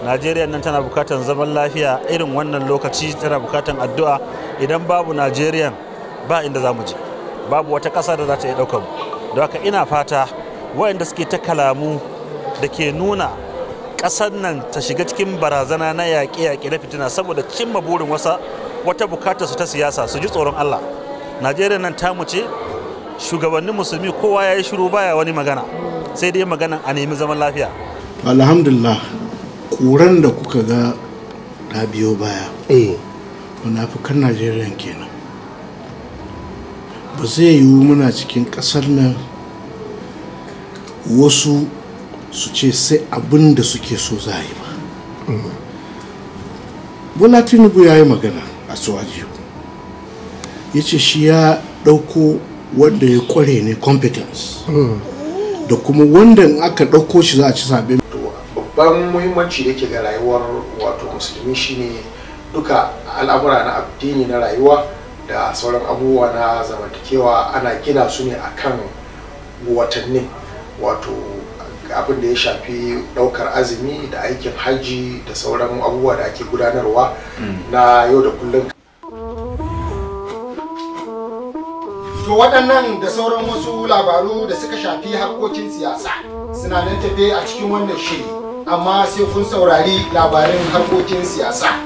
najeriya nan tana bukatan zaman lafiya irin wannan lokaci tana bukatan addu'a idan babu najeriya ba inda za mu je babu wata ƙasa da za ta yi ɗaukar mu don haka ina fata waɗanda suke ta kalamu da ke nuna ƙasar nan ta shiga cikin barazana na yaƙe-yaƙe na fitina saboda cimma burin wasa wata bukatar su ta siyasa su ji tsoron Allah Najeriya nan mu ce shugabannin musulmi kowa ya yi shiru baya wani magana sai dai magana a nemi zaman lafiya alhamdulillah ƙuran da kuka ga ta biyo baya eh. munafukan Najeriya kenan ba zai yiwu muna cikin ƙasar nan wasu su ce sai abin da suke so za a yi ba bola tinubu ya yi magana a tsawajiyo ya ce shi ya ɗauko wanda ya kware ne competence da kuma wanda aka ɗauko shi za a ci zaɓe babban muhimmanci da ke ga rayuwar wato musulmi shine duka al'amura na addini na rayuwa da sauran abubuwa na zamantakewa ana gina su ne akan watannin. wato abin da ya shafi daukar azumi da aikin hajji da sauran abubuwa da ake gudanarwa mm. na yau da kullum to waɗannan da sauran wasu labaru da suka shafi harkokin siyasa suna nan tafe a cikin wannan shiri amma sai kun saurari labarin harkokin siyasa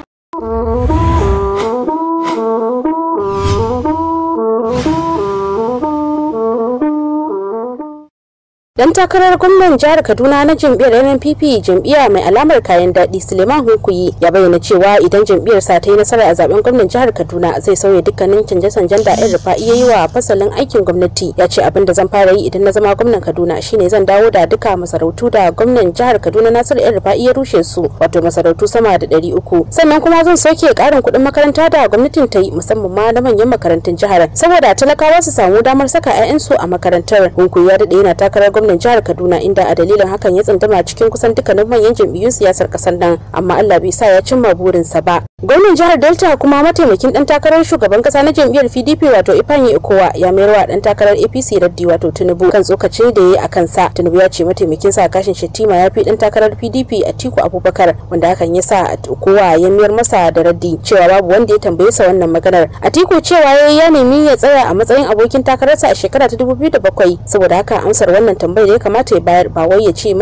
dan takarar gwamnan jihar kaduna na jam'iyyar nnpp jam'iyya mai alamar kayan daɗi suleiman hunkuyi ya bayyana cewa idan jam'iyyar sa ta yi nasara a zaben gwamnan jihar kaduna zai sauya dukkanin canje-canjen da yan rufa iya yi wa fasalin aikin gwamnati ya ce abin da zan fara yi idan na zama gwamnan kaduna shine zan dawo da duka masarautu da gwamnan jihar kaduna nasiru yan rufa iya rushe su wato masarautu sama da ɗari uku sannan kuma zan soke ƙarin kuɗin makaranta da gwamnatin ta yi musamman ma na manyan makarantun jihar saboda talakawa su samu damar saka 'ya'yansu a makarantar hunkuyi ya daɗe yana takarar gwamnan gwamnan jihar kaduna inda a dalilin hakan ya tsandama cikin kusan dukkanin manyan jam'iyyun siyasar kasar nan amma allah bai sa ya cimma burinsa ba gwamnan jihar delta kuma mataimakin dan takarar shugaban kasa na jam'iyyar pdp wato ifanyi ikowa ya mayar wa dan takarar apc raddi wato tinubu kan tsokaci da ya yi a kansa tinubu ya ce mataimakin sa kashin shettima ya fi dan takarar pdp a tiku abubakar wanda hakan ya sa ikowa ya mayar masa da raddi cewa babu wanda ya tambaye sa wannan maganar a atiku cewa ya nemi ya tsaya a matsayin abokin takararsa a shekara ta 2007 saboda haka amsar wannan tambaya bai da ya kamata ya bayar ba wai ya ce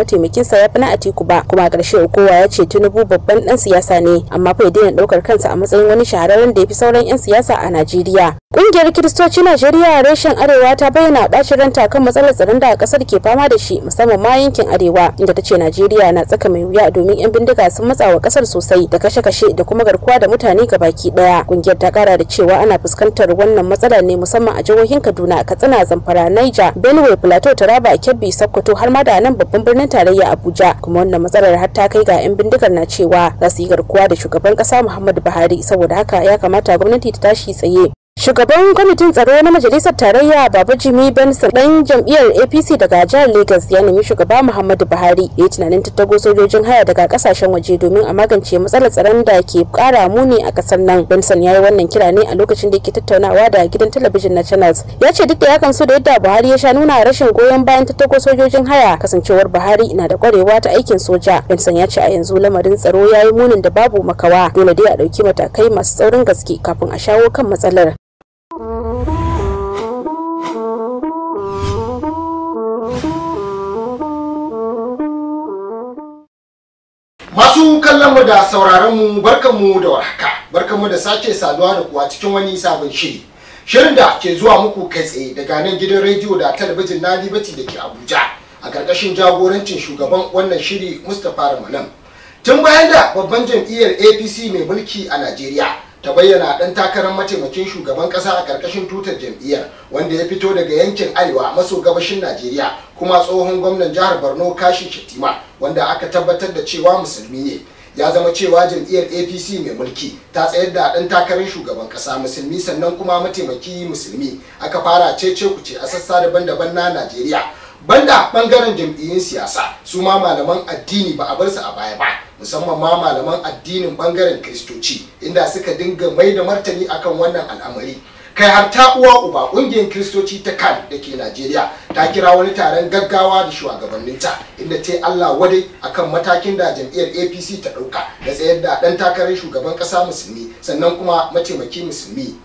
sa ya fi na Atiku ba kuma a ƙarshe kowa ya ce Tinubu babban ɗan siyasa ne amma fa ya daina ɗaukar kansa a matsayin wani shahararren da ya fi sauran 'yan siyasa a Najeriya. Ƙungiyar Kiristoci Najeriya reshen Arewa ta bayyana ɓacin ranta kan matsalar tsaron da ƙasar ke fama da shi musamman ma yankin Arewa inda ta ce Najeriya na tsaka mai wuya domin 'yan bindiga sun matsa wa ƙasar sosai da kashe-kashe da kuma garkuwa da mutane gabaki ɗaya. Ƙungiyar ta ƙara da cewa ana fuskantar wannan matsala ne musamman a jihohin Kaduna, Katsina, Zamfara, Niger, Benue, Plateau, Taraba, Kebbi kebbi sokoto har ma da nan babban birnin tarayya abuja kuma wannan matsalar har ta kai ga 'yan bindigar na cewa za su yi garkuwa da shugaban kasa muhammadu buhari saboda haka ya kamata gwamnati ta tashi tsaye Shugaban kwamitin tsaro na Majalisar Tarayya Baba Jimi Benson dan jam'iyyar APC daga jihar Lagos ya nemi shugaba Muhammadu Buhari ya yi tunanin tattago sojojin haya daga kasashen waje domin a magance matsalar tsaron da ke kara muni a kasar nan. Benson ya yi wannan kira ne a lokacin da yake tattaunawa da gidan talabijin na Channels. Ya ce duk da ya so da yadda Buhari ya sha nuna rashin goyon bayan tattago sojojin haya kasancewar Buhari na da kwarewa ta aikin soja. Benson ya ce a yanzu lamarin tsaro ya yi munin da babu makawa dole dai a ɗauki matakai masu tsaurin gaske kafin a shawo kan matsalar. Masu kallon mu da sauraron mu mu da warhaka. barkan mu da sake saduwa da kuwa cikin wani sabon shiri. Shirin da ke zuwa muku kai tsaye daga nan gidan rediyo da talabijin na Liberty da ke Abuja a ƙarƙashin jagorancin shugaban wannan shiri Mustapha Ramalan. Tun bayan da babban jam'iyyar APC mai mulki a Najeriya ta bayyana ɗan takarar mataimakin shugaban ƙasa a ƙarƙashin tutar jam'iyyar wanda ya fito daga yankin arewa maso gabashin najeriya kuma tsohon gwamnan jihar borno kashi shatima wanda aka tabbatar da cewa musulmi ne ya zama cewa jam'iyyar apc mai mulki ta tsayar da ɗan takarar shugaban ƙasa musulmi sannan kuma mataimaki musulmi aka fara cece kuce a sassa daban-daban na najeriya banda bangaren jam'iyyun siyasa su ma malaman addini ba a bar su a baya ba musamman ma malaman addinin bangaren kristoci inda suka dinga mai da martani akan wannan al'amari kai ta uwa uba ƙungiyar kristoci ta kan da ke najeriya ta kira wani taron gaggawa da shugabanninta inda ta allah wadai akan matakin da jam'iyyar apc ta ɗauka da tsayar da ɗan takarar shugaban ƙasa musulmi sannan kuma mataimaki musulmi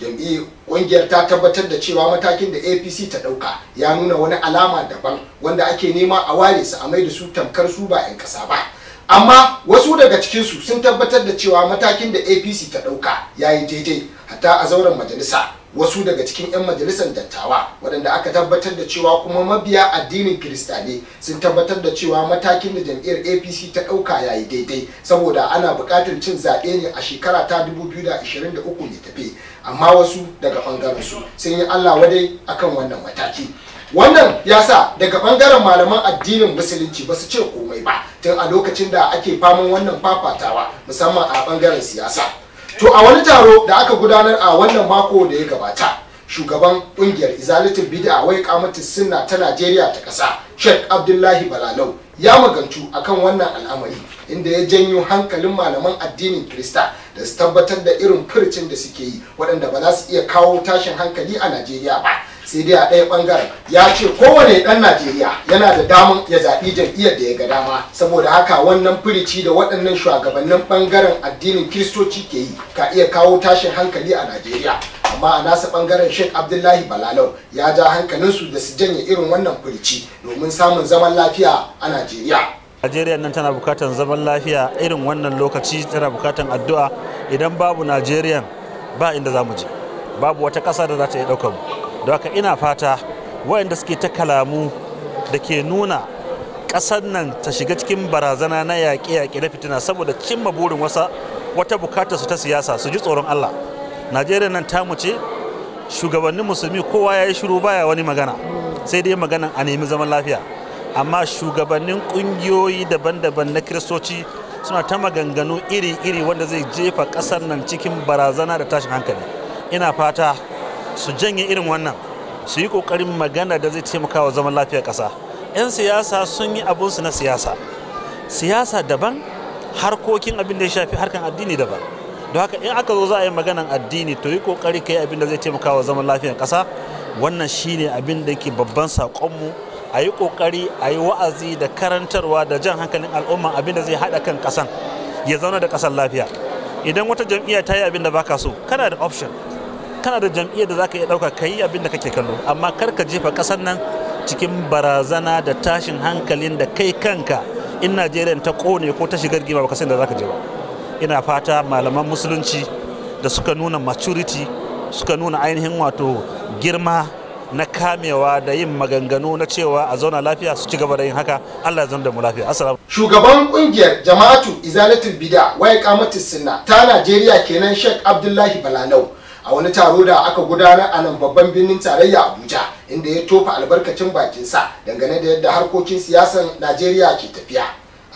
jam'iyyar ƙungiyar ta tabbatar da cewa matakin da apc ta ɗauka ya nuna wani alama daban wanda ake nema a ware su a mai da su tamkar su ba 'yan ƙasa ba amma wasu daga cikinsu sun tabbatar da cewa matakin da apc ta ɗauka ya yi daidai hatta a zauren majalisa wasu daga cikin 'yan majalisar dattawa waɗanda aka tabbatar da cewa kuma mabiya addinin kirista ne sun tabbatar da cewa matakin da jam'iyyar apc ta ɗauka ya yi daidai saboda ana buƙatar cin zaɓe ne a shekara ta 2023 ne tafe amma wasu daga ɓangarensu sun yi allah wadai akan wannan mataki wannan ya sa daga ɓangaren malaman addinin musulunci ba su ce komai ba tun a lokacin da ake faman wannan fafatawa musamman a ɓangaren siyasa to a wani taro da aka gudanar a wannan mako da ya gabata shugaban kungiyar Izalatu bid'a wai kamati sunna ta Najeriya ta kasa Sheikh Abdullahi Balalau ya magantu akan wannan al'amari inda ya janyo hankalin malaman addinin Krista da su tabbatar da irin furcin da suke yi waɗanda ba za su iya kawo tashin hankali a Najeriya ba sai dai a ɗaya ɓangaren ya ce kowane ɗan najeriya yana da daman ya zaɓi jam'iyyar da ya ga dama saboda haka wannan firici da waɗannan shugabannin ɓangaren addinin kiristoci ke yi ka iya kawo tashin hankali a najeriya amma a nasa ɓangaren sheikh abdullahi balalau ya ja hankalinsu da su janye irin wannan firici domin samun zaman lafiya a najeriya Najeriya nan tana bukatan zaman lafiya irin wannan lokaci tana bukatan addu'a idan babu Najeriya ba inda za mu je babu wata ƙasa da za ta iya ɗaukar mu da haka ina fata waɗanda suke ta kalamu da ke nuna ƙasar nan ta shiga cikin barazana na yaƙe-yaƙe na fitina saboda cimma burin wasa wata bukatar su ta siyasa su ji tsoron Allah Najeriya nan tamu ce shugabannin musulmi kowa ya yi shiru baya wani magana sai dai maganan a nemi zaman lafiya amma shugabannin ƙungiyoyi daban-daban na kiristoci suna ta maganganu iri-iri wanda zai jefa ƙasar nan cikin barazana da tashin hankali ina fata su janye irin wannan su yi kokarin magana da zai taimaka wa zaman lafiyar kasa 'yan siyasa sun yi abinsu na siyasa siyasa daban harkokin abin da ya shafi harkan addini daban don haka in aka zo za a yi maganan addini to yi kokari ka yi abin da zai taimaka wa zaman lafiyar kasa wannan shine abin da ke babban saƙonmu a yi kokari a yi wa'azi da karantarwa da jan hankalin al'umma abin da zai haɗa kan kasan ya zauna da kasan lafiya idan wata jam'iyya ta yi abin da baka so kana da option kana da jam'iyyar da zaka iya ɗauka ka yi abin da kake kallo amma kar ka jefa ƙasar nan cikin barazana da tashin hankalin da kai kanka in najeriya ta kone ko ta shigar gima ba san da zaka je ba ina fata malaman musulunci da suka nuna maturity suka nuna ainihin wato girma na kamewa da yin maganganu na cewa a zauna lafiya su ci gaba da yin haka Allah ya da mu lafiya assalamu shugaban kungiyar jama'atu izalatul bida wai kamatu sunna ta Najeriya kenan Sheikh Abdullahi Balalau a wani taro da aka gudanar a nan babban birnin tarayya abuja inda ya tofa albarkacin bakinsa dangane da yadda harkokin siyasar najeriya ke tafiya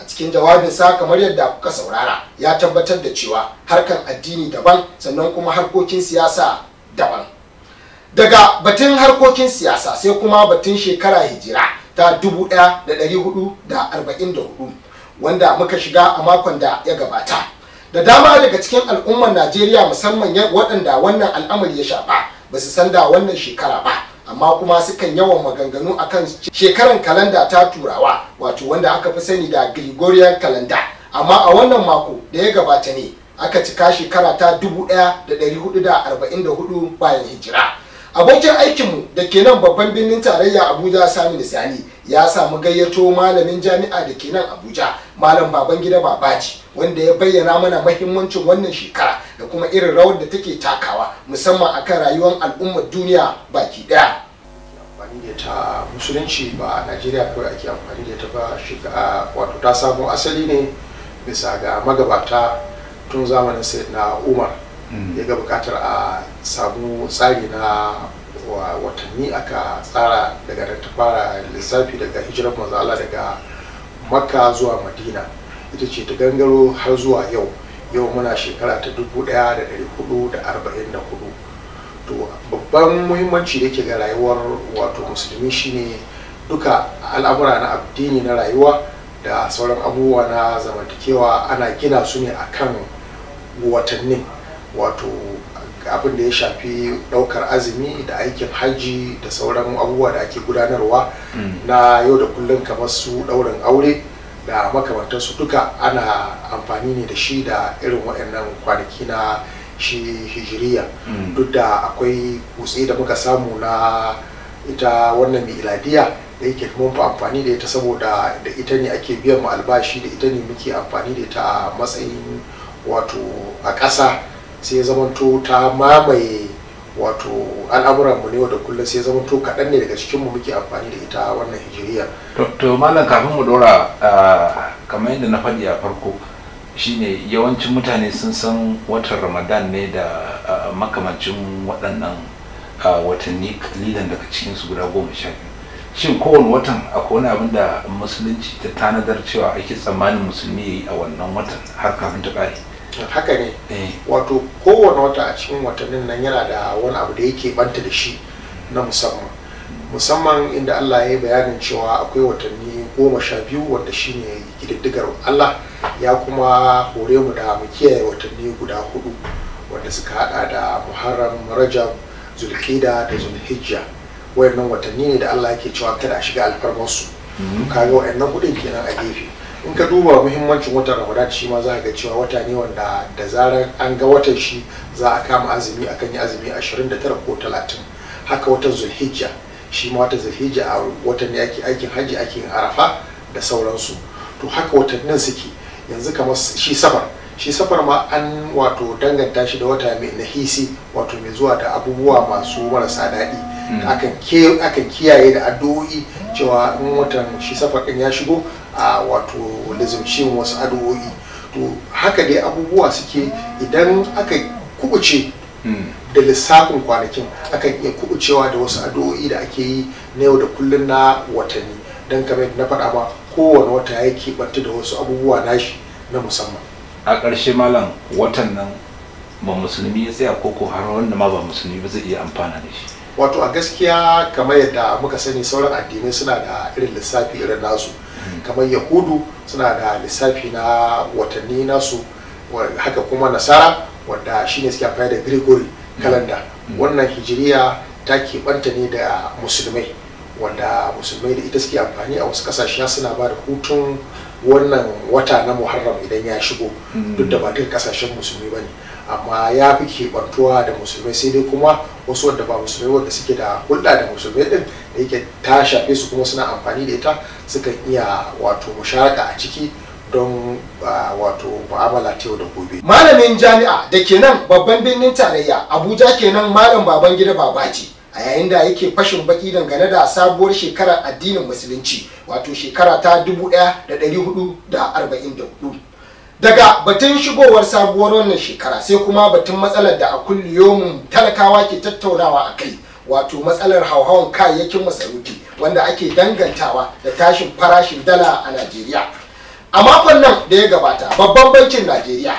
a cikin jawabinsa kamar yadda kuka saurara ya tabbatar da cewa harkan addini daban sannan kuma harkokin siyasa daban daga batun harkokin siyasa sai kuma batun shekara hijira ta 1444 wanda muka shiga a makon da ya gabata da dama daga cikin al'ummar najeriya musamman waɗanda wannan al'amari ya shafa ba su san da wannan shekara ba amma kuma sukan yawan maganganu akan shekaran kalanda ta turawa wato wanda aka fi sani da gregorian kalanda amma a wannan mako da ya gabata ne aka cika shekara ta 1444 bayan hijira abokin aikinmu da ke nan babban birnin tarayya abuja sami sani ya samu gayyato malamin jami'a da ke nan abuja malam baban gida babaji wanda ya bayyana mana mahimmancin wannan shekara da kuma irin rawar da take takawa musamman akan rayuwar al'ummar duniya baki daya amfani da ta musulunci ba a najeriya kawai ake amfani da ta ba shiga wato ta samo asali ne bisa ga magabata tun zamanin na umar Mm. Yaga ga bukatar a samu tsari na watanni aka tsara daga da ta fara lissafi daga hijirar manzo daga makka zuwa madina ita ce ta gangaro har zuwa yau yau muna shekara ta dubu da da arba'in 1444 to babban muhimmanci da ke ga rayuwar wato musulmi shine duka al'amura na addini na rayuwa da sauran abubuwa na zamantakewa ana gina su ne akan watannin wato abin da ya shafi ɗaukar azumi da aikin hajji da sauran abubuwa da ake gudanarwa mm. na yau da kullum kamar su daurin aure da makamantarsu duka ana amfani ne da shi da irin waɗannan kwanaki na shi hijiriya mm. duk da akwai kutse da muka samu na ita wannan miladiya da yake mun fi amfani da ita saboda da ita ne ake biyan mu albashi da ita ne muke amfani da ita a matsayin wato a ƙasa sai zamanto ta mamaye wato al'amuranmu ne wadda kullum sai zama to kaɗan ne daga cikinmu muke amfani da ita wannan hijiriya. to malam kafin mu dora kamar yadda na faɗi a farko shine yawancin mutane sun san watan ramadan ne da makamancin waɗannan watanni kalilan daga cikinsu guda goma sha biyu shin kowane watan akwai wani abin da musulunci ta tanadar cewa ake tsammanin musulmi ya yi a wannan watan har kafin ta ƙare haka ne eh. wato kowane wata a cikin watannin nan yana da wani abu da yake banta da shi na musamman musamman inda Allah ya yi bayanin cewa akwai watanni goma sha biyu wanda shine kididdigar Allah ya kuma hore mu da mu kiyaye watanni guda hudu wanda suka hada da Muharram Rajab zulkida da Zulhijja wayannan watanni ne da Allah yake cewa kada a shiga alfarmarsu mm-hmm. kaga wayannan kudin kenan a gefe in ka duba muhimmancin watan ramadan shi ma za ga cewa wata ne wanda da zarar an ga watan shi za a kama azumi akan yi azumi 29 ko 30 haka watan zulhijja shi ma wata zulhijja a watan ne ake aikin hajji ake yin arafa da sauransu to haka watannin suke yanzu kamar shi safar shi safar ma an wato danganta shi da wata mai nahisi wato mai zuwa da abubuwa masu marasa daɗi aka kiyaye da addu'o'i cewa in watan shi safakin ya shigo a wato lazimcin wasu addu'o'i to haka dai abubuwa suke idan aka kubuce da lissafin kwanakin aka iya kubucewa da wasu addu'o'i da ake yi na yau da kullun na watanni don kamar na faɗa ba kowane wata ya keɓanta da wasu abubuwa nashi na musamman a ƙarshe malam watan nan ba musulmi ya tsaya ko har wanda ma ba musulmi ba zai iya amfana da shi wato a gaskiya kamar yadda muka sani sauran addinai suna da irin lissafi irin nasu hmm. kamar yahudu suna da lissafi na watanni nasu haka kuma nasara wanda shine suke amfani da gregory kalanda hmm. hmm. wannan hijiriya ta keɓanta ne da musulmai wanda musulmai da ita suke amfani a wasu kasashe suna ba da hutun wannan wata na muharram idan ya shigo duk da ba kasashen musulmi ba ne amma ya fi keɓantuwa da musulmai sai dai kuma wasu wadda ba musulmai wanda suke da hulɗa da musulmai ɗin da yake ta shafe su kuma suna amfani da ita suka iya wato musharaka a ciki don wato mu'amala ta yau da gobe. Malamin jami'a da kenan babban birnin tarayya Abuja kenan malam baban gida babaji a yayin da yake fashin baki dangane da sabuwar shekarar addinin musulunci wato shekara ta dubu ɗaya da da da ɗari arba'in hudu. daga batun shigowar sabuwar wannan shekara sai kuma batun matsalar da a kulliyomin talakawa ke tattaunawa a kai wato matsalar hauhawan kayayyakin masarufi wanda ake dangantawa da tashin farashin dala a najeriya a makon nan da ya gabata babban bankin najeriya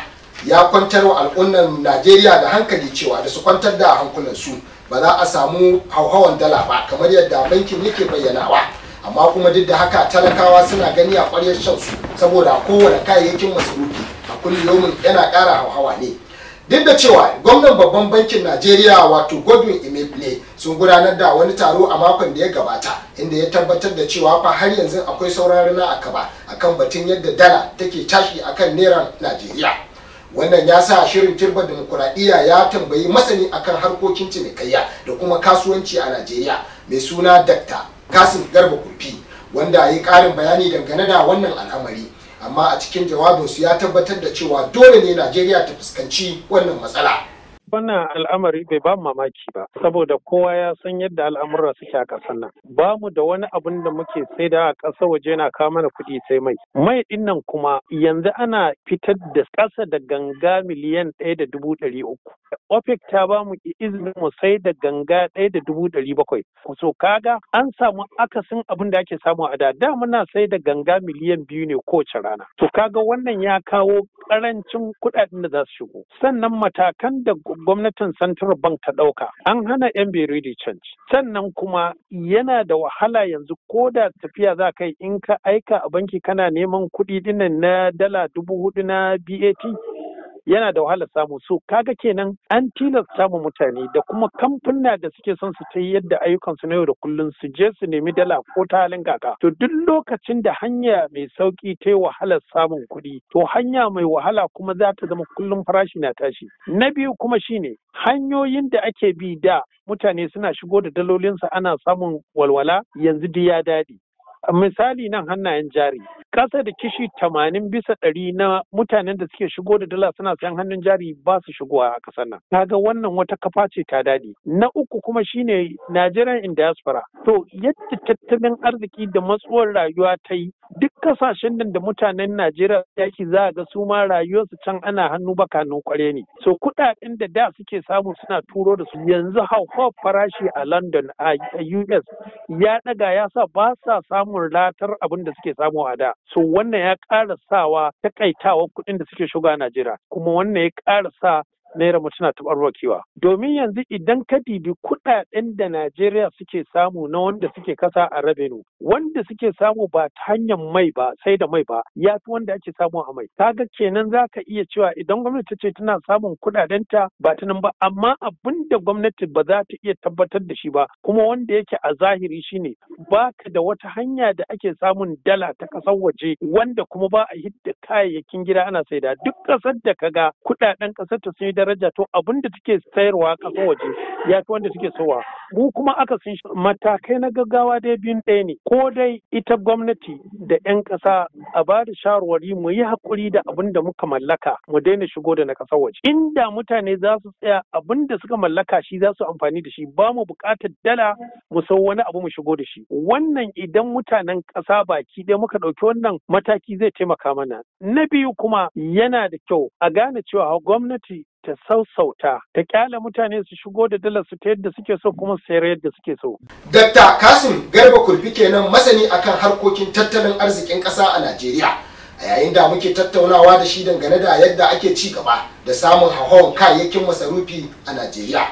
ya kwantar wa al'ummar najeriya da hankali cewa da su kwantar da hankulansu ba za a samu hauhawan dala ba kamar yadda bankin yake bayyanawa amma kuma duk da haka talakawa suna gani a ƙwaryar shansu saboda kowane kayayyakin masarufi a kullum yana ƙara hauhawa ne duk da cewa gwamnan babban bankin najeriya wato godwin emefiele sun gudanar da wani taro a makon da ya gabata inda ya tabbatar da cewa fa har yanzu akwai sauran rana a kaba akan batun yadda dala take tashi akan neran najeriya wannan ya sa shirin turbar demokuraɗiyya ya tambayi masani akan harkokin cinikayya da kuma kasuwanci a najeriya mai suna dakta kasim garba kurfi wanda ya yi karin bayani dangane da wannan al'amari amma a cikin jawabinsu ya tabbatar da cewa dole ne najeriya ta fuskanci wannan matsala wannan al'amari bai ba mamaki ba saboda kowa ya san yadda al'amura suke a ƙasar nan ba mu da wani abun da muke sai da a ƙasar waje na kawo mana kuɗi sai mai mai ɗin nan kuma yanzu ana fitar da ƙasa da ganga miliyan ɗaya da dubu ɗari uku OPEC ta ba mu izinin mu sai da ganga ɗaya da dubu ɗari bakwai so kaga an samu akasin abun da ake samu a da da muna sai da ganga miliyan biyu ne kowace rana to kaga wannan ya kawo karancin kuɗaɗen da za su shigo sannan matakan da gwamnatin central bank ta ɗauka an hana yan biridi change sannan kuma yana da wahala yanzu ko da tafiya za kai in ka aika a banki kana neman kuɗi dinan na dala dubu hudu na bat yana da wahalar samu so kaga kenan an tilasta mu mutane da kuma kamfuna da suke son su ta yadda ayyukan su na yau da kullum su je su nemi dala ko ta halin kaka to duk lokacin da hanya mai sauki ta yi wahalar samun kuɗi to hanya mai wahala kuma za ta zama kullum farashi na tashi na biyu kuma shine hanyoyin da ake bi da mutane suna shigo da dalolinsu ana samun walwala yanzu duk ya daɗi misali nan hannayen jari Kasa da kishi tamanin bisa ɗari na mutanen da suke shigo da dala suna sayan hannun jari ba su shigowa a ƙasar nan kaga wannan wata kafa ce ta dadi na uku kuma shine Nigerian in diaspora to yadda tattalin arziki da matsuwar rayuwa ta yi duk kasashen nan da mutanen Najeriya yaki za ga su ma rayuwarsu can ana hannu baka nan kware ne so kuɗaɗen da da suke samu suna turo da su yanzu hauhawar farashi a London a US ya ɗaga ya sa ba sa samun latar abin da suke samu a da so wannan ya ƙara sawa kaitawa kuɗin da suke shiga Najeriya kuma wannan ya ƙara sa naira mu tana taɓarwakewa. Domin yanzu idan ka dibi kuɗaɗen da Najeriya suke samu na wanda suke kasa a rabenu, wanda suke samu ba ta hanyar mai ba sai da mai ba ya fi wanda ake samu a mai. Kaga kenan za ka iya cewa idan gwamnati ce tana samun kuɗaɗen ta, ba ta nan ba amma abin da gwamnati ba za ta iya tabbatar da shi ba kuma wanda yake a zahiri shi shine baka da wata hanya da ake samun dala ta ƙasar waje wanda kuma ba a hidda kayayyakin gida ana saida duk ƙasar da ka ga, kuɗaɗen ƙasar ta sun yi daraja to abin da take sayarwa kasan waje ya fi wanda take sowa mu kuma aka sun matakai na gaggawa dai biyun ɗaya ne ko dai ita gwamnati da 'yan ƙasa a ba da shawarwari mu yi hakuri da abin da muka mallaka mu daina shigo da na ƙasar waje inda mutane za su tsaya abin da suka mallaka shi za su amfani da shi ba mu buƙatar dala mu sau wani abu mu shigo da shi wannan idan mutanen ƙasa baki ɗaya muka ɗauki wannan mataki zai taimaka mana na biyu kuma yana da kyau a gane cewa gwamnati ta sausauta ta kyale mutane su shigo da dalar su ta yadda suke so kuma su sayar yadda suke so. Dakta Kasim Garba kulfi kenan masani akan harkokin tattalin arzikin ƙasa a Najeriya. A yayin da muke tattaunawa da shi dangane da yadda ake ci gaba da samun hauhawar kayayyakin masarufi a Najeriya.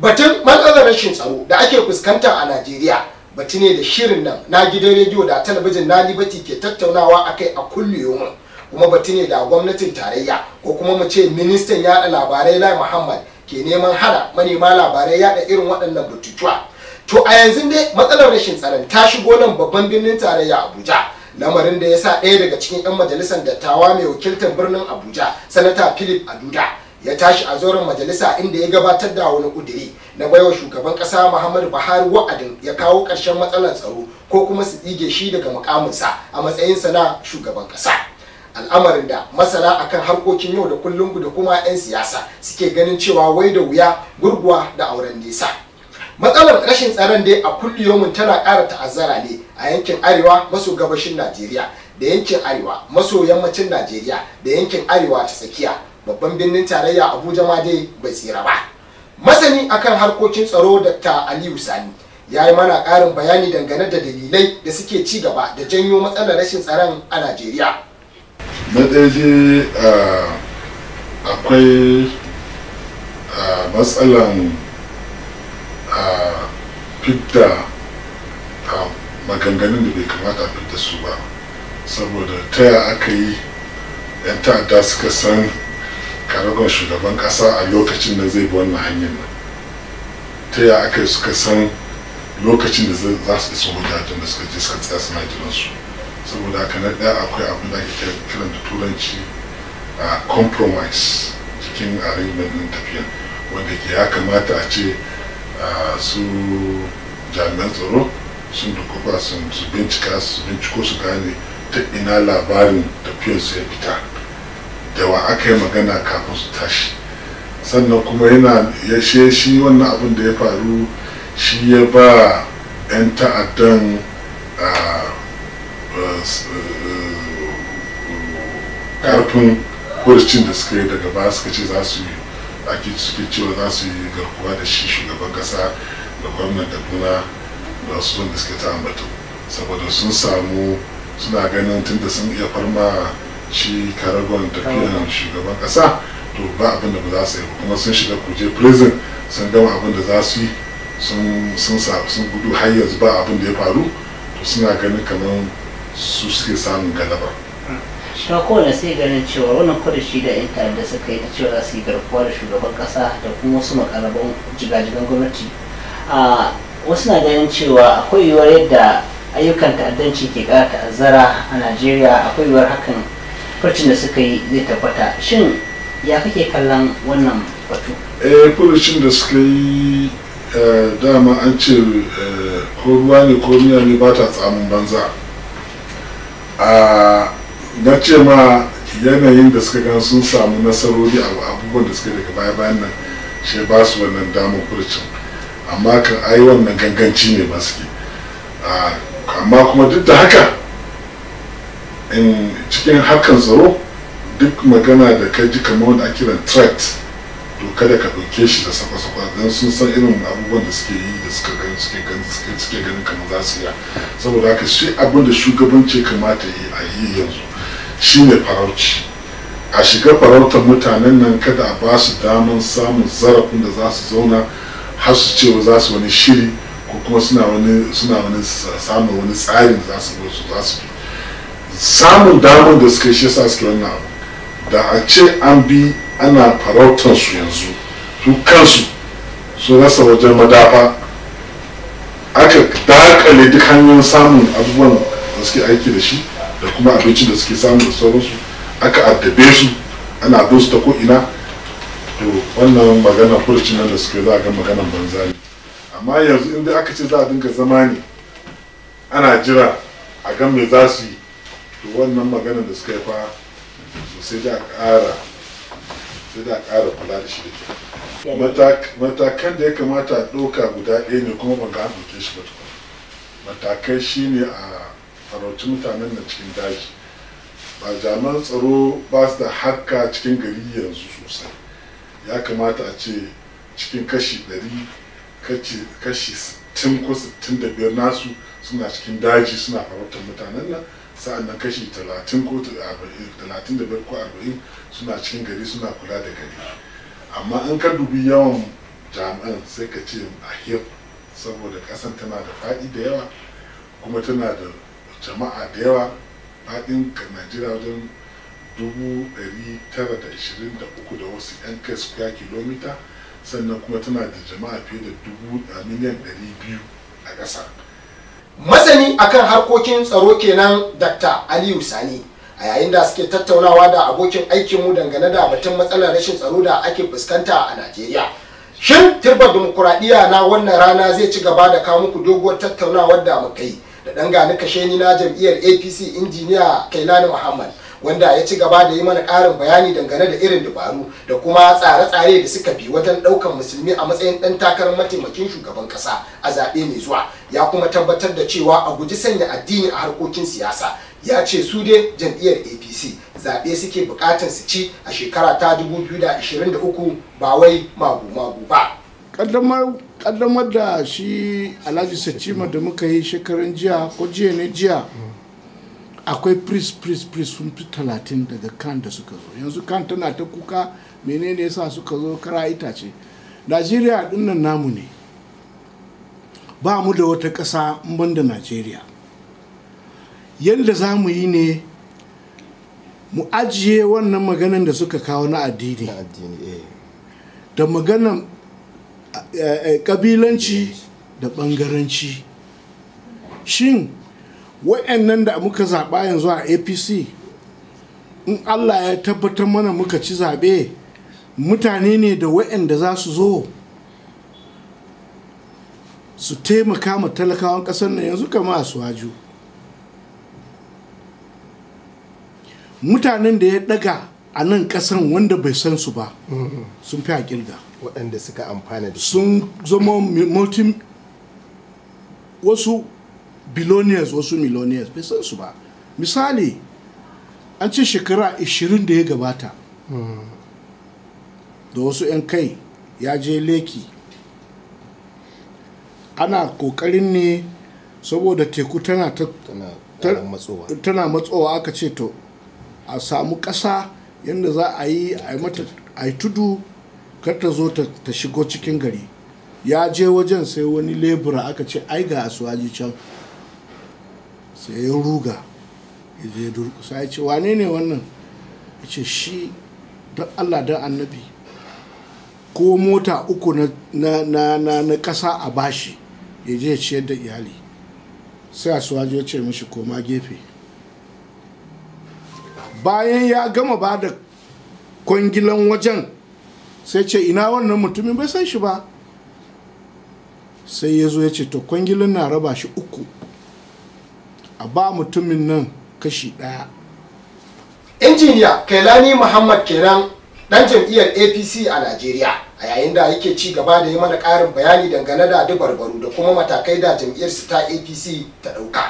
Batun matsalar rashin tsaro da ake fuskanta a Najeriya batu ne da shirin nan na gidan rediyo da talabijin na Liberty ke tattaunawa akai a kullu yomin. kuma batun ne da gwamnatin tarayya ko kuma mu ce ministan yaɗa labarai lai muhammad ke neman hana manema labarai yaɗa irin waɗannan batutuwa to a yanzu dai matsalar rashin tsaron ta shigo nan babban birnin tarayya abuja lamarin da ya sa ɗaya daga cikin 'yan majalisar dattawa mai wakiltar birnin abuja sanata philip aduda ya tashi a zoron majalisa inda ya gabatar da wani kudiri na baiwa shugaban ƙasa muhammadu buhari wa'adin ya kawo ƙarshen matsalar tsaro ko kuma su tsige shi daga mukaminsa a matsayinsa na shugaban ƙasa. al'amarin da masana akan harkokin yau da kullum da kuma 'yan siyasa suke ganin cewa wai da wuya gurguwa da auren nesa. matsalar rashin tsaron dai a kulliyomin tana ƙara ta'azzara ne a yankin arewa maso gabashin najeriya da yankin arewa maso yammacin najeriya da yankin arewa ta tsakiya babban birnin tarayya abuja ma dai bai tsira ba masani akan harkokin tsaro ta aliyu sani ya yi mana ƙarin bayani dangane da dalilai da suke ci gaba da janyo matsalar rashin tsaron a najeriya na ɗaya je ah, akwai ah, matsalan ah, a maganganun da bai kamata a fidda su ba saboda taya aka yi 'yan ta'adda suka san karagon shugaban ƙasa a lokacin da zai bi wannan hanyar nan taya aka yi suka san lokacin da za su iso wajajen da suka je suka tsaya suna jiransu saboda haka na ɗaya akwai abin da ake kiran da turanci a compromise cikin arrangement ɗin tafiya wanda ke ya kamata a ce su jami'an tsaro sun dukufa sun su bincika su binciko su gane ta ina labarin tafiyar su ya fita da wa aka yi magana kafin su tashi sannan kuma yana ya shi wannan abin da ya faru shi ya ba 'yan ta'addan Eh, eh, karfin kurcin da suka yi daga ba suka ce za su yi ake suke cewa za su yi garkuwa da shi shugaban kasa da gwamnan kaduna da wasu da suke ta ambata saboda sun samu suna ganin tunda sun iya farma shi karagon tafiyan shugaban kasa to ba abin da ba za su yi kuma sun shiga kuje prison sun gama abin da za su yi sun gudu har yanzu ba abin da ya faru to suna ganin kamar su suke samun galaba shi kowane sai ganin cewa wannan kwadashi da yan da suka yi ta cewa za su yi garkuwa da shugaban kasa da kuma wasu makaraban jigajigan gwamnati a wasu na ganin cewa akwai yiwuwar yadda ayyukan ta'addanci ke kara ta'azzara a najeriya akwai yiwuwar hakan farcin da suka yi zai tabbata shin ya kake kallon wannan batu eh furucin da suka yi eh, dama an ce eh, ko ruwa ne ko miya ne ba ta tsamin banza na ce ma yanayin da suka gan sun samu nasarori a abubuwan da suka daga baya bayan nan shi ba su wannan damar kurcin amma kan ayi wannan ganganci ne ba suke amma kuma duk da haka in cikin hakan tsaro duk magana da ka ji kamar wanda ake kiran threat to kada ka ɗauke shi da sakwa-sakwa don sun san irin abubuwan da suke yi da suka gani suke gani suke ganin kamar za su iya saboda haka shi abin da shugabanci kamata yi a yi yanzu shine farauci a shiga farautar mutanen nan kada a ba su damar samun zarafin da za su zauna har su cewa za su wani shiri ko kuma suna wani suna wani samun wani tsarin za su za su samun damar da suka shi sa suke wannan abu da a ce an bi ana farautar su yanzu su kansu su rasa wajen madafa aka dakale duk hanyoyin samun abubuwan da suke aiki da shi da kuma abincin da suke samun da sauransu aka addabe su ana dosu ta ko'ina to wannan magana furci nan da suke za a ga maganan banza ne amma yanzu inda aka ce za a dinga zama ne ana jira a gan me za su yi to wannan maganan da suka yi fa so sai da ƙara sai da ƙara kula da shi da matakan da ya kamata a ɗauka guda ɗaya ne kuma ban ga an ɗauke shi ba matakai shine a farauci mutanen na cikin daji ba jami'an tsaro ba su da hakka cikin gari yanzu sosai ya kamata a ce cikin kashi ɗari kashi 60 ko 65 nasu suna cikin daji suna farautar mutanen nan sa'annan kashi talatin ko talatin da ko arba'in suna cikin gari suna kula da gari amma an ka dubi yawan jami'an sai ka ce a hip saboda kasan tana da faɗi da yawa kuma tana da jama'a da yawa faɗin najeriya wajen dubu ɗari tara da da uku da wasu yan kai square kilomita sannan kuma tana da jama'a fiye da miliyan ɗari biyu a ƙasa masani akan harkokin tsaro kenan dr aliyu sani a yayin da suke tattaunawa da abokin aikinmu dangane da batun matsalar rashin tsaro da ake fuskanta a najeriya shin turbar dimokuraɗiyya na wannan rana zai ci gaba da kawo muku doguwar tattaunawar da muka da ɗan gani kashe ni na jam'iyyar apc injiniya kailani muhammad wanda ya ci gaba da yi mana ƙarin bayani dangane da irin dabaru da kuma tsare-tsare da suka bi wajen ɗaukar musulmi a matsayin ɗan takarar mataimakin shugaban ƙasa a zaɓe mai zuwa ya kuma tabbatar da cewa a guji sanya addini a harkokin siyasa ya ce su dai jam'iyyar apc zaɓe suke buƙatar su ci a shekara ta 2023 ba wai magu-magu ba kaddamar da shi alhaji sachima da muka yi shekarun jiya ko jiya ne jiya akwai priest priest priest sun fi talatin daga kan da suka zo yanzu kan tana ta kuka menene yasa suka zo kara itace najeriya dinnan namu ne ba mu da wata ƙasa ban da najeriya yadda za mu yi ne mu ajiye wannan maganan da suka kawo na addini eh. da maganan eh, eh, ƙabilanci da ɓangaranci shin wa'annan da muka zaɓa yanzu a apc in allah ya tabbatar mana muka ci zaɓe mutane ne da wa'anda za su zo su taimaka ma talakawan ƙasar nan yanzu kama a suwaju mutanen da ya ɗaga a nan ƙasar wanda bai san su ba sun fi a waɗanda suka amfana da sun zama multi wasu billionaires wasu millionaires bai san su ba misali an ce shekara 20 da ya gabata da wasu 'yan kai ya je leki ana kokarin ne saboda teku tana tana matsowa aka ce to a samu ƙasa yadda za a yi a yi tudu kar ta zo ta shigo cikin gari ya je wajen sai wani lebura aka ce ai ga asuwaji can sai ya ruga ya je durkusa ya ce wane ne wannan ya ce shi don allah don annabi ko mota uku na kasa a bashi ya je ciyar da iyali sai a suwaji ya ce mashi koma gefe bayan ya gama ba da kwangilan wajen sai ce ina wannan mutumin bai san shi ba sai ya zo ya ce to kwangilan na raba shi uku a ba mutumin nan kashi ɗaya. injiniya kailani muhammad kenan dan jam'iyyar apc a najeriya a yayin da yake ci gaba da yi mana ƙarin bayani dangane da dubarbaru da kuma matakai da jam'iyyar su ta apc ta ɗauka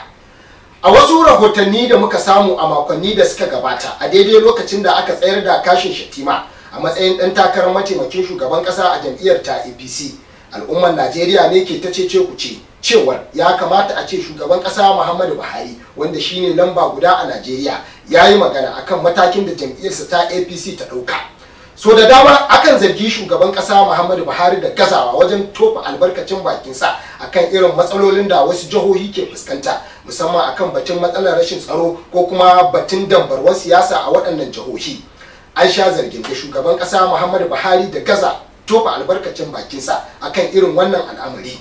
a wasu rahotanni da muka samu a makonni da suka gabata a daidai lokacin da aka tsayar da kashin shatima a matsayin ɗan takarar mataimakin shugaban ƙasa a jam'iyyar ta apc al'ummar najeriya ne ke ta cece ku ce cewar ya kamata a ce shugaban ƙasa muhammadu buhari wanda shine lamba guda a najeriya ya yi magana akan matakin da jam'iyyarsa ta apc ta ɗauka so da dama akan zargi shugaban kasa muhammadu buhari da gazawa wajen tofa albarkacin bakinsa akan irin matsalolin da wasu jihohi ke fuskanta musamman akan batun matsalar rashin tsaro ko kuma batun dambarwar siyasa a waɗannan jihohi an sha zargin da shugaban kasa muhammadu buhari da gaza tofa albarkacin bakinsa akan irin wannan al'amari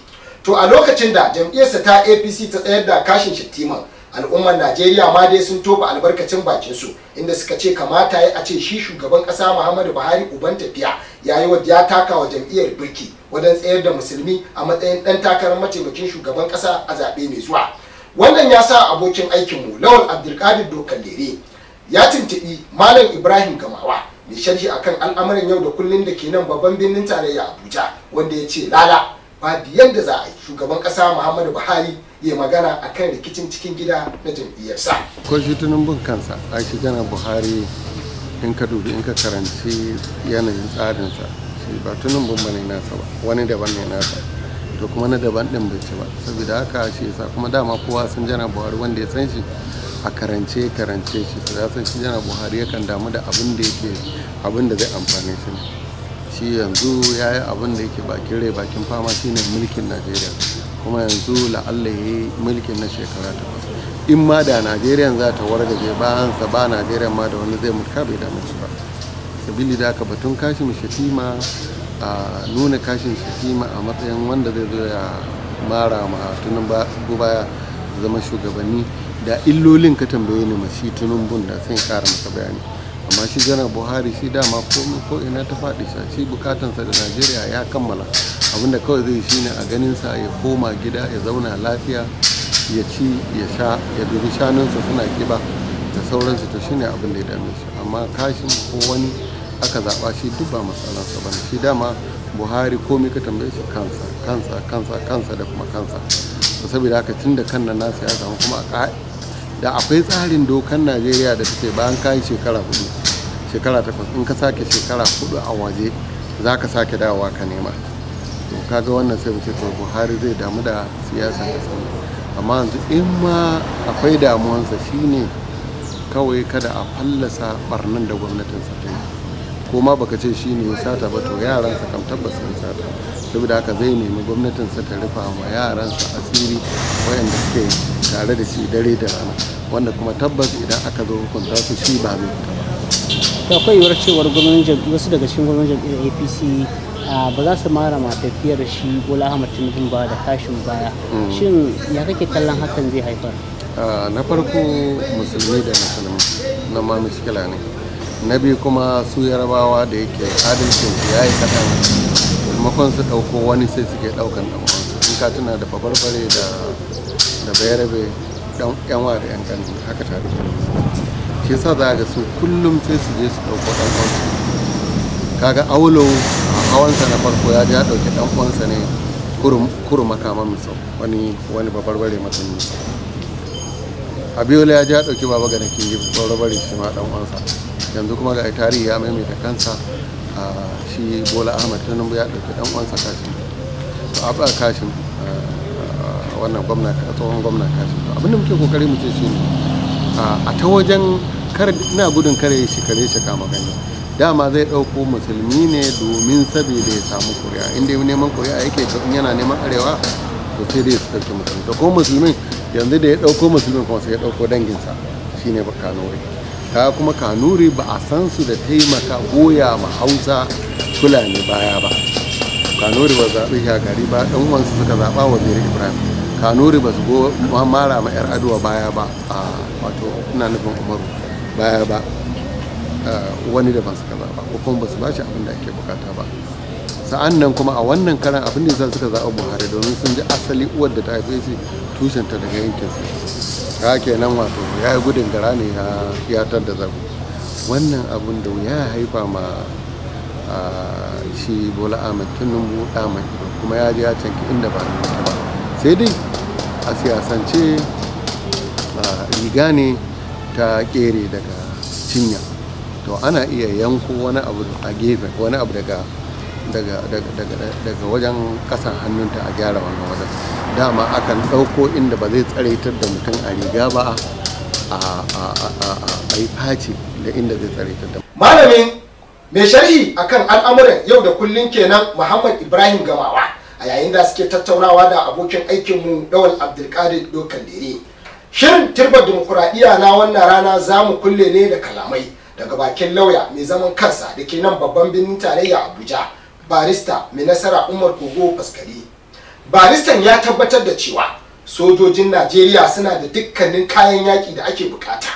to a lokacin da jam'iyyarsa ta apc ta tsayar da kashin shattiman al'ummar najeriya ma dai sun tofa albarkacin bakin su inda suka ce kamata ya a ce shi shugaban kasa muhammadu buhari uban tafiya ya yi wa ya taka wa jam'iyyar birki wajen tsayar da musulmi a matsayin dan takarar mataimakin shugaban kasa a zaɓe mai zuwa wannan ya sa abokin aikin mu lawal abdulkadir dokallere ya tuntuɓi malam ibrahim gamawa mai sharhi akan al'amuran yau da kullun da ke nan babban birnin tarayya abuja wanda ya ce lala babu yadda za a yi shugaban kasa muhammadu buhari ya magana a kan rikicin cikin gida na jam'iyyarsa ko shi bin kansa a shi gana buhari in ka dubi in ka karanci yanayin tsarinsa shi ba tunan bin ne nasa ba wani daban ne nasa to kuma na daban din bai ci ba saboda haka shi yasa kuma dama kowa sun jana buhari wanda ya san shi a karance karance shi to ya shi jana buhari yakan damu da abin da yake abin da zai amfane shi ne shi yanzu ya yi abin da yake bakin rai bakin fama shi ne mulkin najeriya kuma yanzu la'alla ya yi mulkin na shekara ta takwas in ma da najeriya za ta wargaje bayansa ba najeriya ma da wani zai mutka bai da mutu ba sabili da aka batun kashin shatima a nuna kashin shatima a matsayin wanda zai zo ya mara ma tunan baya zama shugabanni da illolin ka tambaye ni mashi tunun bun da sai kara masa bayani amma shi janar buhari shi dama komi ko ina ta faɗi sa shi bukatansa da najeriya ya kammala abinda kawai zai shi ne a ganinsa ya koma gida ya zauna lafiya ya ci ya sha ya dubi shanunsa suna kiba da sauransu to shine abin da ya dame shi amma kashin ko wani aka zaɓa shi duk ba matsalansa ba shi dama buhari komi ka tambaye shi kansa kansa kansa kansa da kuma kansa saboda haka tun da kan nan nasu ya samu kuma a da akwai tsarin dokan najeriya da take bayan kayi shekara hudu shekara takwas in ka sake shekara hudu a waje za ka sake dawowa ka nema to kaga wannan sai mace to buhari zai damu da siyasa kasar amma yanzu in ma akwai damuwansa shine kawai kada a fallasa barnan da gwamnatin sa ta yi ko ma baka ce shine ya sata ba to yaransa kam tabbas sun sata saboda haka zai nemi gwamnatin sa ta rufa ma yaransa asiri wayanda suke tare da shi dare da rana wanda kuma tabbas idan aka zo hukunta su shi ba zai fita ba. akwai yiwuwar cewar gwamnatin wasu daga cikin gwamnatin apc ba za su mara matafiyar shi bola ahmad tinubu ba da tashin baya mm. shin ya kake kallon hakan zai haifar na farko musulmi da musulmi na ma miskila ne na biyu kuma su yarabawa da yake adalcin ya yi kaɗan maimakon su dauko wani sai suke ɗaukan ɗan in ka tuna da babarbare da da bayarabe dan yan wa da yan kan haka tare shi sa za ga su kullum sai su je su ɗauko ɗan uwansu kaga aulo a hawansa na farko ya je ya ɗauki ɗan uwansa ne kurum makama musu wani wani babarbare mutum abiola ya ji ya ɗauki baba ga yi babarbare shi ma ɗan uwansa yanzu kuma ga tarihi ya maimaita kansa shi bola ahmad tinubu ya ɗauki dan uwansa kashin to a ba kashin eh, wannan gwamna tsohon gwamna kashin to abinda muke kokari mu ce shine a ta wajen kar ina gudun kare shi kare shi kama gani dama zai ɗauko musulmi ne domin saboda ya samu kuri'a inda neman kuri'a yake yana neman arewa to sai dai su ɗauki musulmi to ko musulmin yanzu da ya ɗauko musulmin kuma sai ya ɗauko danginsa shine bakano wai ka kuma kanuri ba a san su da taimaka goya ma hausa fulani baya ba kanuri ba zaɓi gari ba ɗan uwansu suka zaɓa wa bere ibrahim kanuri ba su go mara ma yar adowa baya ba a wato ina nufin umaru baya ba wani daban suka zaɓa ko kuma ba su ba shi abin da ake bukata ba sa'an nan kuma a wannan karan abin da suka zaɓa buhari domin sun ji asali uwar da ta haife shi tushenta daga yankin su ka kenan wato ya yi gudun gara ne ya da zago wannan abun da ya haifa ma shi bola ahmed tinubu buɗa mai kuma ya ji ya canki inda ba ba sai dai a siyasance riga ne ta kere daga cinya to ana iya yanko wani abu a gefe wani abu daga daga wajen kasan hannunta a gyara wannan wajen dama akan ɗauko inda ba zai tsaraitar da mutum a riga ba a yi faci da inda zai tsaraitar da malamin mai sharhi akan al'amuran yau da kullun kenan muhammad ibrahim gamawa a yayin da suke tattaunawa da abokin aikinmu dawal abdulkadir dokan dere shirin turbar dimokuraɗiyya na wannan rana za mu kulle ne da kalamai daga bakin lauya mai zaman kansa da ke nan babban birnin tarayya abuja barista mai nasara umar kogo faskari baristan ya tabbatar da cewa sojojin najeriya suna da dukkanin kayan yaƙi da ake bukata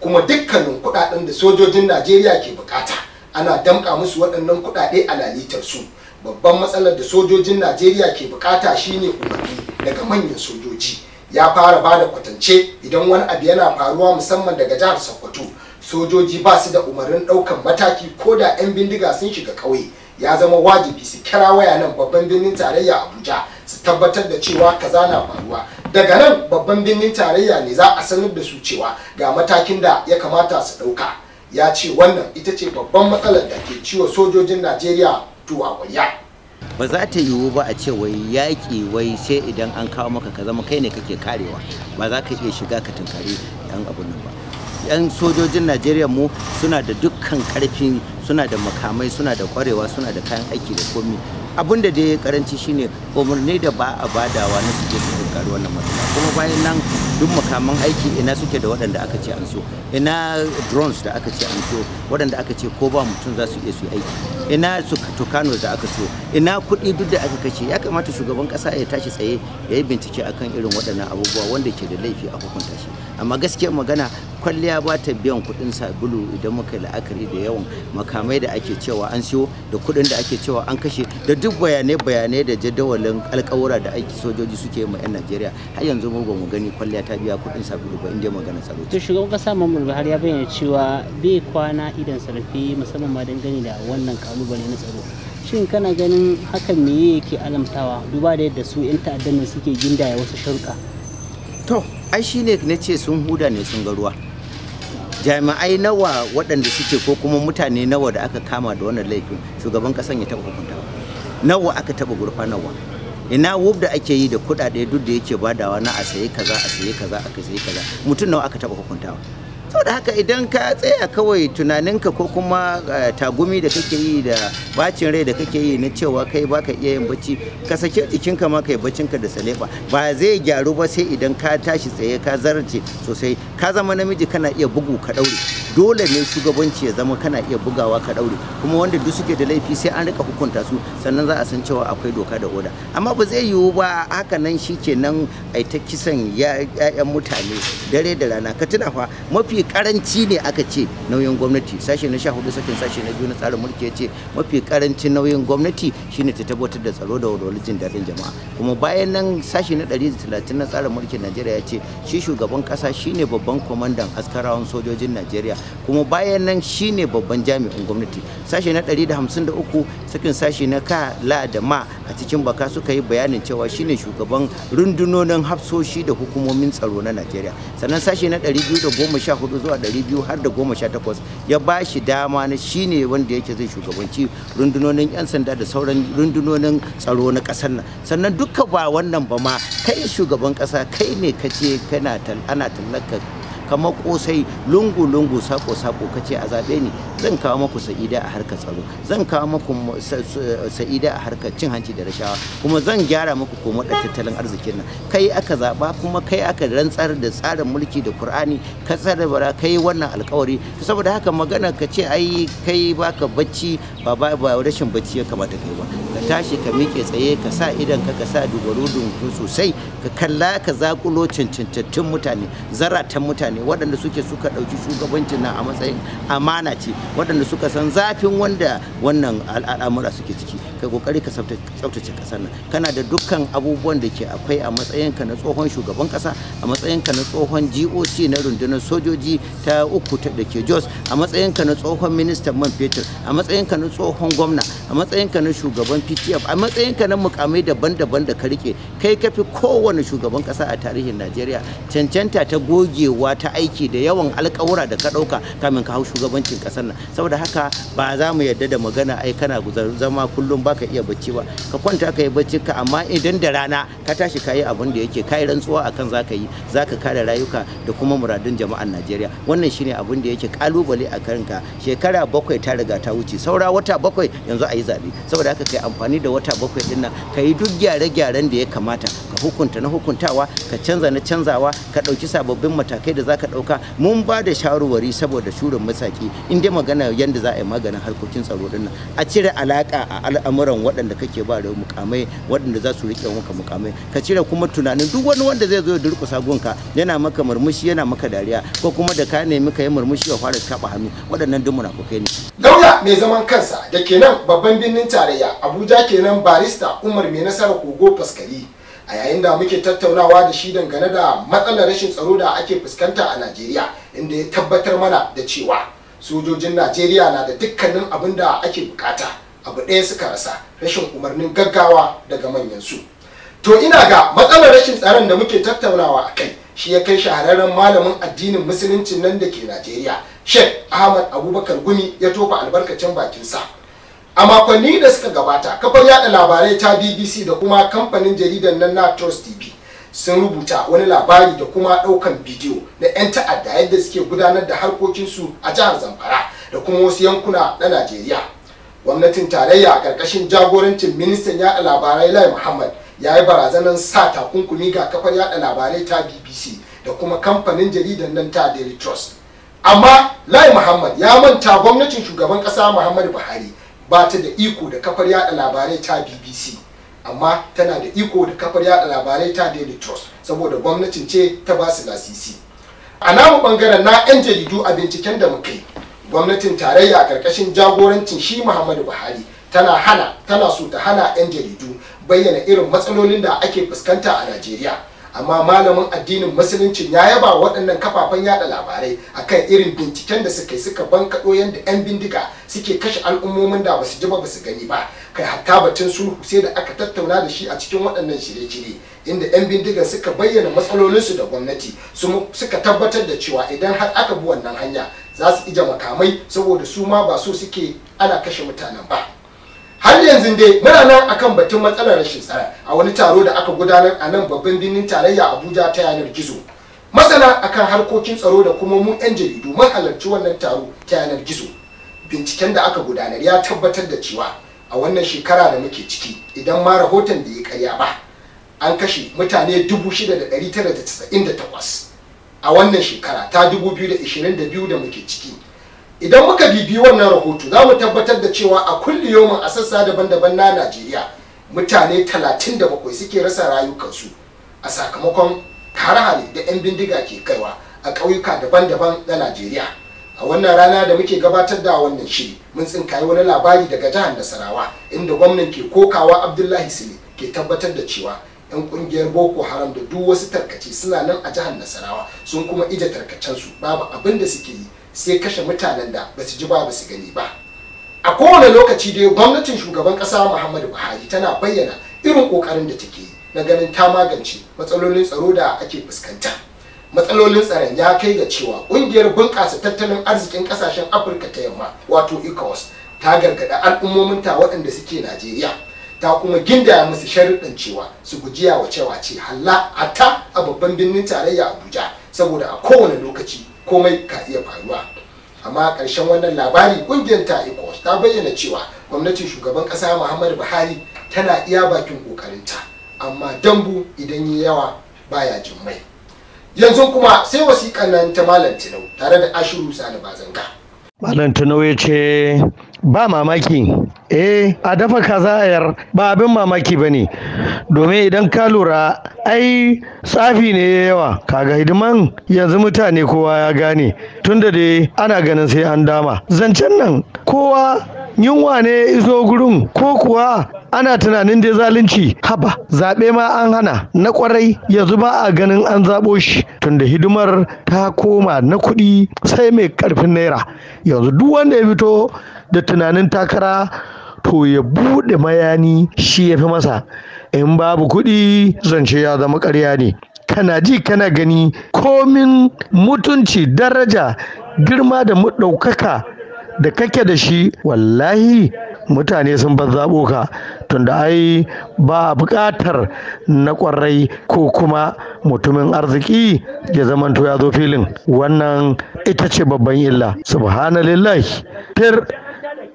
kuma dukkanin kudaden da sojojin najeriya ke bukata ana damƙa musu waɗannan kudade a lalitar su babban matsalar da sojojin najeriya ke bukata shine umarni daga manyan sojoji ya fara bada kwatance idan wani abu yana faruwa musamman daga jihar sokoto sojoji ba su da umarnin ɗaukan mataki ko da 'yan bindiga sun shiga ƙauye ya zama wajibi su kira waya nan babban birnin tarayya abuja su tabbatar da cewa kaza na faruwa daga nan babban birnin tarayya ne za a sanar da su cewa ga matakin da ya kamata su ɗauka ya ce wannan ita ce babban matsalar da ke ciwo sojojin najeriya tuwa ba za ta yiwu ba a ce wai yaƙi wai sai idan an kawo maka ka zama kai ne kake karewa ba za ka iya shiga ka tunkari yan abun nan ba 'yan sojojin najeriya mu suna da dukkan karfi suna da makamai suna da kwarewa suna da kayan aiki da komi abin da dai karanci shine umarni da ba a badawa na suke su karu wannan matsala kuma bayan nan duk makaman aiki ina suke da waɗanda aka ce an so ina drones da aka ce an so waɗanda aka ce ko ba mutum za su iya su aiki ina su tukano da aka so ina kuɗi duk da aka kashe ya kamata shugaban ƙasa ya tashi tsaye ya yi bincike akan irin waɗannan abubuwa wanda ke da laifi a hukunta shi amma gaskiyar magana kwalliya ba ta biyan kuɗin sabulu idan muka yi la'akari da yawan makamai da ake cewa an siyo da kuɗin da ake cewa an kashe da duk duk bayanai-bayanai da jadawalin alkawura da aiki sojoji suke ma 'yan najeriya har yanzu mu ba mu gani kwalliya ta biya kudin sabulu ba inda magana tsaro to shugaban kasa mamman har ya bayyana cewa bai kwana idan sarfi musamman ma dangane da wannan kalubale na tsaro shin kana ganin hakan me yake alamtawa duba da yadda su 'yan ta'addan suke gindaya wasu sharuɗa to ai shine na ce sun huda ne sun ga ruwa jami'ai nawa waɗanda suke ko kuma mutane nawa da aka kama da wannan laifin shugaban ƙasan ya taɓa hukunta nawa aka taɓa nawa? ina wub da ake yi da kuɗaɗe duk da yake badawa na a sayi kaza a sayi kaza a sayi kaza mutum nawa aka taɓa hukuntawa saboda haka idan ka tsaya kawai tunaninka ko kuma eh, tagumi da kake yi da bacin rai da kake yi na cewa kai baka iya yin bacci ka sake jikinka ma kai baccinka da saleba ba zai gyaru ba sai idan ka tashi tsaye ka zarce sosai ka zama namiji kana iya bugu ka ɗaure. dole ne shugabanci ya zama kana iya bugawa ka daure kuma wanda duk suke da laifi sai an rika hukunta su sannan za a san cewa akwai doka da oda amma ba zai yiwu ba haka nan nan ai ta kisan ya'yan mutane dare da rana ka tuna fa mafi karanci ne aka ce nauyin gwamnati sashe na sha hudu sakin sashe na biyu na tsarin mulki ya ce mafi karancin nauyin gwamnati shine ta tabbatar da tsaro da walwalar daɗin jama'a kuma bayan nan sashe na 130 na tsarin mulkin Najeriya ya ce shi shugaban kasa shine babban kwamandan askarawan sojojin Najeriya kuma bayan nan shine babban jami'in gwamnati sashe na 153 sakin sashe na ka la da ma a cikin baka suka yi bayanin cewa shine shugaban rundunonin hafsoshi da hukumomin tsaro na Najeriya sannan sashe na 214 zuwa 200 har da 18 ya ba shi dama na shine wanda yake zai shugabanci rundunonin 'yan sanda da sauran rundunonin tsaro na kasar nan sannan duka ba wannan ba ma kai shugaban kasa kai ne kace kana ana tallaka kamar kosai lungu-lungu sako-sako ka a zaɓe ni zan kawo maku sa'ida a harkar tsaro zan kawo maku sa'ida a harkar cin hanci da rashawa kuma zan gyara maku komai da tattalin arzikin nan kai aka zaba kuma kai aka rantsar da tsarin mulki da kur'ani ka tsara bara kai wannan alkawari saboda haka magana ka ce ai kai baka bacci ba ba rashin bacci ya kamata kai ba ka tashi ka miƙe tsaye ka sa idan ka ka sa dubaru sosai ka kalla ka zakulo cancantattun mutane zaratan mutane ne waɗanda suke suka ɗauki shugabancin nan a matsayin amana ce waɗanda suka san zafin wanda wannan al'amura suke ciki ka kokari ka tsaftace kasar nan kana da dukkan abubuwan da ke akwai a matsayinka na tsohon shugaban kasa a matsayinka na tsohon GOC na rundunar sojoji ta uku da ke Jos a matsayinka na tsohon ministan man fetur a matsayinka na tsohon gwamna a matsayinka na shugaban PTF a matsayinka na mukamai daban-daban da ka rike kai ka fi kowane shugaban kasa a tarihin Najeriya cancanta ta gogewa ta aiki da yawan alƙawura da ka ɗauka kamin ka hau shugabancin kasar nan saboda haka ba za mu yarda da magana ai kana zama kullum baka iya bacci ba ka kwanta ka yi bacci ka amma idan da rana ka tashi ka yi abin da yake ka yi rantsuwa akan zaka yi zaka kare rayuka da kuma muradun jama'an Najeriya wannan shine abin da yake kalubale a ka shekara bakwai ta riga ta wuce saura wata bakwai yanzu a yi zabe saboda haka kai amfani da wata bakwai din nan ka yi duk gyare-gyaren da ya kamata ka hukunta na hukuntawa ka canza na canzawa ka ɗauki sababbin matakai da zaka ɗauka mun ba da shawarwari saboda shurin masaki in dai magana yadda za a yi maganin harkokin tsaro din nan a cire alaka a al'amuran al'amuran waɗanda kake ba da mukamai waɗanda za su riƙe maka mukamai ka cire kuma tunanin duk wani wanda zai zo ya durƙusa gonka yana maka murmushi yana maka dariya ko kuma da ka nemi ka yi murmushi ya fara taɓa hannu waɗannan duk munafukai ne. Gauya mai zaman kansa da kenan babban birnin tarayya Abuja kenan barista Umar mai nasara kogo faskari a yayin da muke tattaunawa da shi dangane da matsalar rashin tsaro da ake fuskanta a Najeriya inda ya tabbatar mana da cewa sojojin Najeriya na da dukkanin abin da ake bukata. abu ɗaya suka rasa rashin umarnin gaggawa daga manyan su to ina ga matsalar rashin tsaron da muke tattaunawa a kai shi ya kai shahararren malamin addinin musuluncin nan da ke najeriya shek ahmad abubakar gumi ya tofa albarkacin bakinsa a makonni da suka gabata kafar yada labarai ta bbc da kuma kamfanin jaridar nan na trust tv sun rubuta wani labari da kuma daukan bidiyo na 'yan ta'adda yadda suke gudanar da harkokinsu a jihar zamfara da kuma wasu yankuna na najeriya gwamnatin tarayya a ƙarƙashin jagorancin ministan yada labarai lai muhammad ya yi barazanar sa takunkumi ga kafar yada labarai ta bbc da kuma kamfanin jaridan nan ta daily trust amma lai muhammad ya manta gwamnatin shugaban ƙasa muhammadu buhari ba ta da iko da kafar yada labarai ta bbc amma tana da iko da kafar yada labarai ta daily trust saboda gwamnatin ce ta ba su lasisi a namu bangaren na 'yan jaridu a binciken da muka yi gwamnatin tarayya karkashin jagorancin shi muhammadu buhari tana hana tana so ta hana 'yan jaridu bayyana irin matsalolin da ake fuskanta a najeriya amma malamin addinin musuluncin ya yaba waɗannan kafafen yaɗa labarai akan irin binciken da suka yi suka bankaɗo yadda 'yan bindiga suke kashe al'ummomin da basu ji ba basu gani ba kai hatta batun sulhu sai da aka tattauna da shi a cikin waɗannan shirye-shirye inda 'yan bindigan suka bayyana matsalolinsu da gwamnati suka tabbatar da cewa idan har aka bi wannan hanya za su ija makamai saboda su ma ba so suke ana kashe mutanen ba har yanzu dai muna nan akan batun matsalar rashin tsara a wani taro da aka gudanar a nan babban birnin tarayya abuja ta yanar gizo masana akan harkokin tsaro da kuma mu 'yan jaridu mun halarci wannan taro ta yanar gizo binciken da aka gudanar ya tabbatar da cewa a wannan shekara da muke ciki idan ma rahoton da ya karya ba an kashe mutane 6,998 a wannan shekara ta 2022 da muke ciki idan muka bibi wannan rahoto za mu tabbatar da cewa a kulli yomin a sassa daban-daban na najeriya mutane 37 suke rasa rayukansu a sakamakon kare da 'yan bindiga ke kaiwa a ƙauyuka daban-daban na najeriya a wannan rana da muke gabatar da wannan shiri mun tsinkayi wani labari daga jihar nasarawa inda gwamnan ke kokawa abdullahi sule ke tabbatar da cewa yan ƙungiyar boko haram da duk wasu tarkace suna nan a jihar nasarawa sun kuma ije tarkacensu babu abin da suke yi sai kashe mutanen da ba su ji ba su gani ba a kowane lokaci dai gwamnatin shugaban ƙasa muhammadu buhari tana bayyana irin kokarin da take yi na ganin ta magance matsalolin tsaro da ake fuskanta matsalolin tsaron ya kai ga cewa ƙungiyar bunƙasa tattalin arzikin ƙasashen afirka ta yamma wato ecowas ta gargaɗa al'ummominta waɗanda suke najeriya ta kuma gindaya musu sharuɗin cewa su guji yawa cewa ce halla hatta a babban birnin tarayya abuja saboda a kowane lokaci komai ka iya faruwa amma ƙarshen wannan labari ƙungiyar ta ecos ta bayyana cewa gwamnatin shugaban ƙasa muhammadu buhari tana iya bakin ƙoƙarinta amma dambu idan yi yawa baya jin mai yanzu kuma sai wasiƙan nan ta malam tinau tare da ashiru sani bazanga malam tinau ya ce ba mamaki eh a dafa kaza ayar ba abin mamaki ba ne domin idan ka lura ai tsafi ne ya yawa kaga hidiman yanzu mutane kowa ya gane tunda dai ana ganin sai an dama zancen nan kowa yunwa ne iso gurin ko kuwa ana tunanin dai zalunci haba zaɓe ma an hana na kwarai yanzu ba a ganin an zaɓo shi tunda hidimar ta koma na kuɗi sai mai ƙarfin naira yanzu duk wanda ya fito da tunanin takara to ya buɗe mayani shi ya fi masa in babu kuɗi zance ya zama ƙarya ne kana ji kana gani komin mutunci daraja girma da ɗaukaka da kake da shi wallahi mutane sun zaɓo ka tunda ai ba buƙatar na ƙwarai ko kuma mutumin arziki ya zamanto ya zo filin wannan ita ce babban illa subhanallah fir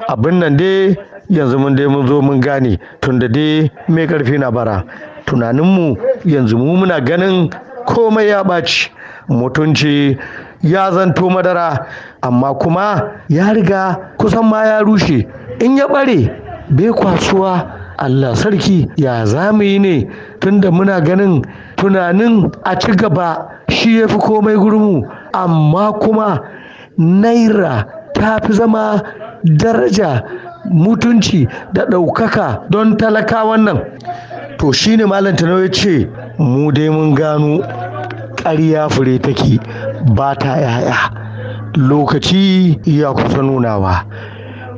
abin nan dai yanzu mun dai mun zo mun gane tunda dai mai karfi na bara tunaninmu yanzu mu muna ganin komai ya ɓaci mutunci ya zanto madara amma kuma ya riga kusan ma ya rushe in ya ɓare bai kwasuwa allah sarki ya zamuyi ne tunda muna ganin tunanin a ci gaba shi ya fi komai gurmu amma kuma naira ta fi zama daraja mutunci da ɗaukaka don talaka wannan, to shine malam tanau ya ce mu dai mun gano ƙarya fure take ba ta yaya lokaci ya kusa nunawa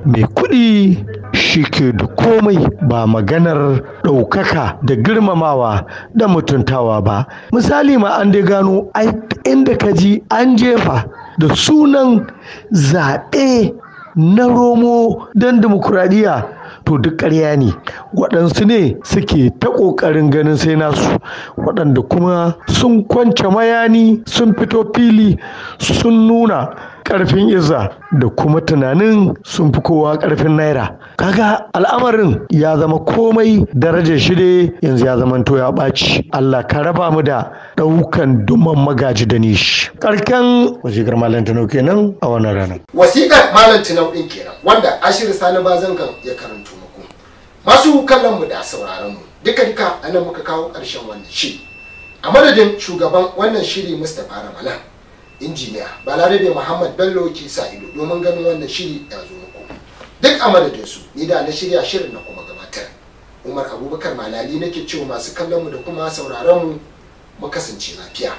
mai kuɗi shi ke da komai ba maganar ɗaukaka da girmamawa da mutuntawa ba misali ma an dai gano inda ka ji an jefa da sunan zaɓe na romo don dimokuraɗiyya to duk ƙarya ne waɗansu ne suke ta ƙoƙarin ganin sai nasu waɗanda kuma sun kwance mayani sun fito fili sun nuna karfin izza da kuma tunanin sun fi kowa ƙarfin naira kaga al'amarin ya zama komai darajar shi yanzu ya zama to ya ɓaci Allah ka raba mu da ɗaukan duman magaji da nishi karkan wasiƙar malam tinau kenan a wannan ranar Wasiƙar malam tinau ɗin kenan wanda ashir sani bazan kan ya karanto muku masu kallon mu da sauraron mu duka duka anan muka kawo ƙarshen wannan shi a madadin shugaban wannan shiri mustapha ramalan injiniya balarabe muhammad bello ke sa ido domin ganin wannan shiri ya zo muku duk a su ni da na shirya shirin na kuma gabatar umar abubakar malali nake cewa masu kallon mu da kuma sauraron mu mu kasance lafiya